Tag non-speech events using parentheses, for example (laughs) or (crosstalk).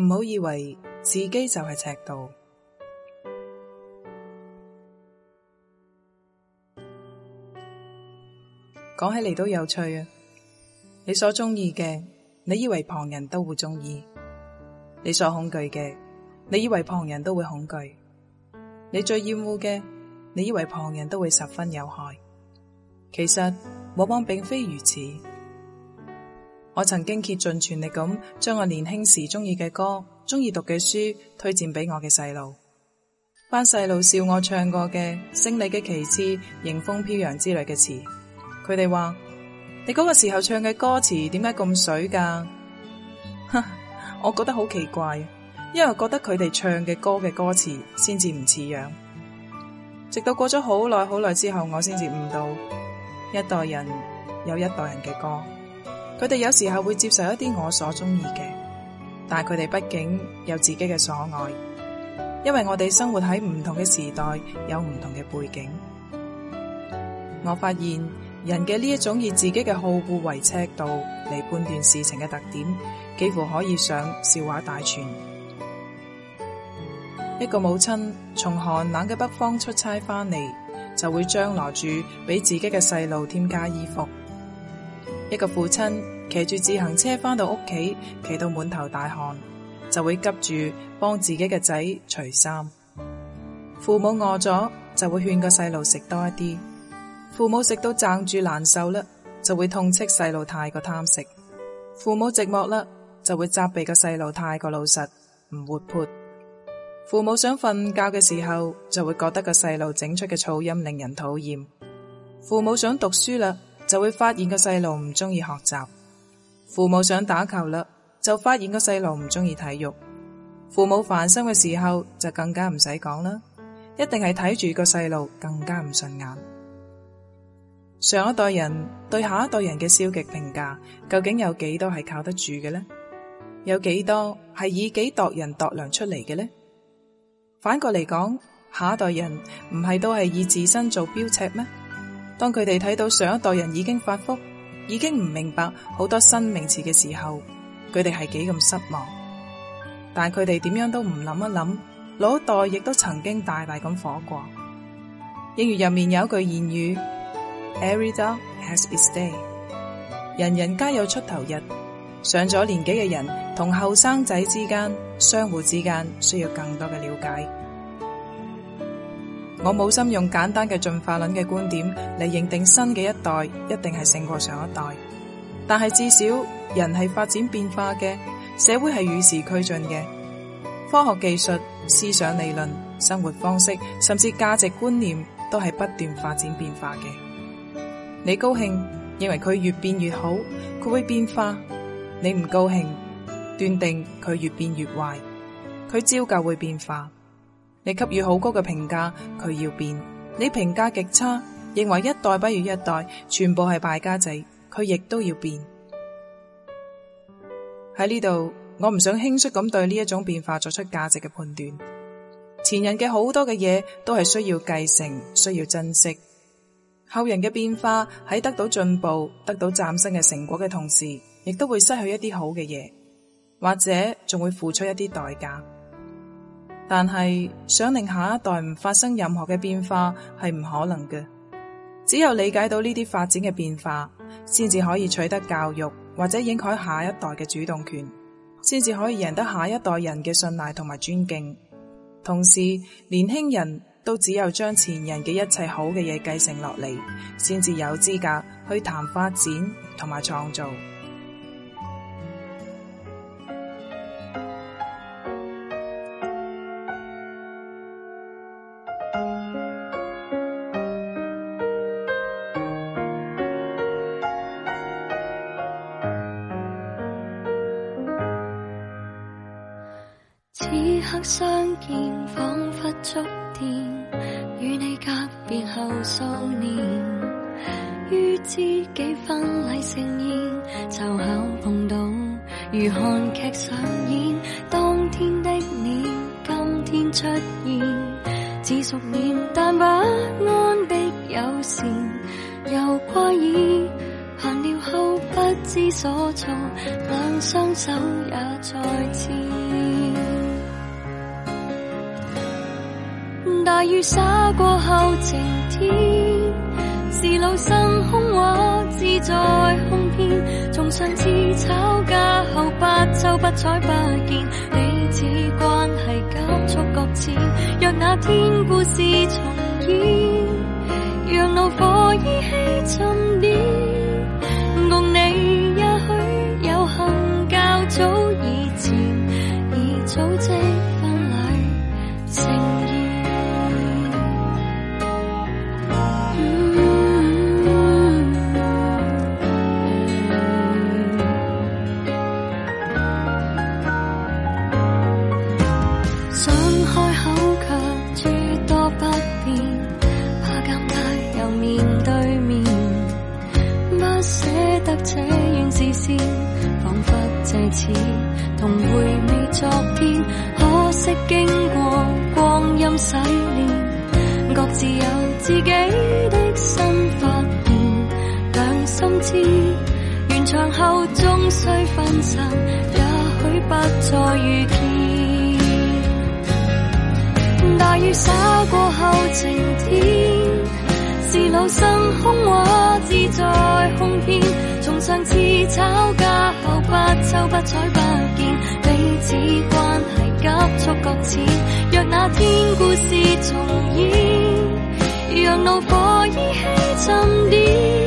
唔好以為自己就係尺度，講起嚟都有趣啊！你所鍾意嘅，你以為旁人都會鍾意；你所恐懼嘅，你以為旁人都會恐懼；你最厭惡嘅，你以為旁人都會十分有害。其實往往並，並非如此。我曾經竭盡全力咁將我年輕時鍾意嘅歌、鍾意讀嘅書推薦俾我嘅細路，班細路笑我唱過嘅《勝利嘅旗幟》《迎風飄揚》之類嘅詞，佢哋話：你嗰個時候唱嘅歌詞點解咁水噶？哈， (laughs) 我覺得好奇怪，因為覺得佢哋唱嘅歌嘅歌詞先至唔似樣。直到過咗好耐好耐之後，我先至悟到一代人有一代人嘅歌。佢哋有時候會接受一啲我所中意嘅，但係佢哋畢竟有自己嘅所愛，因為我哋生活喺唔同嘅時代，有唔同嘅背景。我發現人嘅呢一種以自己嘅好惡為尺度嚟判斷事情嘅特點，幾乎可以上笑話大全。一個母親從寒冷嘅北方出差翻嚟，就會張羅住俾自己嘅細路添加衣服；一個父親。騎住自行車返到屋企，騎到滿頭大汗，就會急住幫自己嘅仔除衫。父母餓咗就會勸個細路食多一啲。父母食到撐住難受啦，就會痛斥細路太過貪食。父母寂寞啦，就會責備個細路太過老實唔活潑。父母想瞓覺嘅時候，就會覺得個細路整出嘅噪音令人討厭。父母想讀書啦，就會發現個細路唔中意學習。父母想打球嘞，就發現個細路唔中意體育。父母煩心嘅時候就更加唔使講啦，一定係睇住個細路更加唔順眼。上一代人對下一代人嘅消極評價，究竟有幾多係靠得住嘅呢？有幾多係以己度人度量出嚟嘅呢？反過嚟講，下一代人唔係都係以自身做標尺咩？當佢哋睇到上一代人已經發福，已經唔明白好多新名詞嘅時候，佢哋係幾咁失望。但佢哋點樣都唔諗一諗，老一代亦都曾經大大咁火過。英語入面有一句諺語：Every dog has its day，人人皆有出頭日。上咗年紀嘅人同後生仔之間，相互之間需要更多嘅了解。我冇心用簡單嘅進化論嘅觀點嚟認定新嘅一代一定係勝過上一代，但係至少人係發展變化嘅，社會係與時俱進嘅，科學技術、思想理論、生活方式，甚至價值觀念都係不斷發展變化嘅。你高興，認為佢越變越好，佢會變化；你唔高興，斷定佢越變越壞，佢照舊會變化。你給予好高嘅評價，佢要變；你評價極差，認為一代不如一代，全部係敗家仔，佢亦都要變。喺呢度，我唔想輕率咁對呢一種變化作出價值嘅判斷。前人嘅好多嘅嘢都係需要繼承，需要珍惜。後人嘅變化喺得到進步、得到嶄新嘅成果嘅同時，亦都會失去一啲好嘅嘢，或者仲會付出一啲代價。但係想令下一代唔發生任何嘅變化係唔可能嘅，只有理解到呢啲發展嘅變化，先至可以取得教育，或者影響下一代嘅主動權，先至可以贏得下一代人嘅信賴同埋尊敬。同時，年輕人都只有將前人嘅一切好嘅嘢繼承落嚟，先至有資格去談發展同埋創造。相見仿佛觸電，與你隔別後數年，於知己婚禮盛宴，就巧碰到，如韓劇上演，當天的你，今天出現，似熟面，但不安的友善，又怪意行了後不知所措，兩雙手也再次。大雨灑過後，晴天是老生空話，志在空篇。從上次吵架後，不瞅不睬不見，彼此關係急速擱淺。若那天故事重演，讓怒火依稀沉澱。不捨得扯遠視線，彷彿藉此同回味昨天。可惜經過光陰洗練，各自有自己的新發現。兩心知，完場後終須分散，也許不再遇見。大雨灑過後，晴天，是老生空話之作。似吵架後不瞅不睬不見，彼此關係急速擱淺。若那天故事重演，讓怒火依稀沉澱。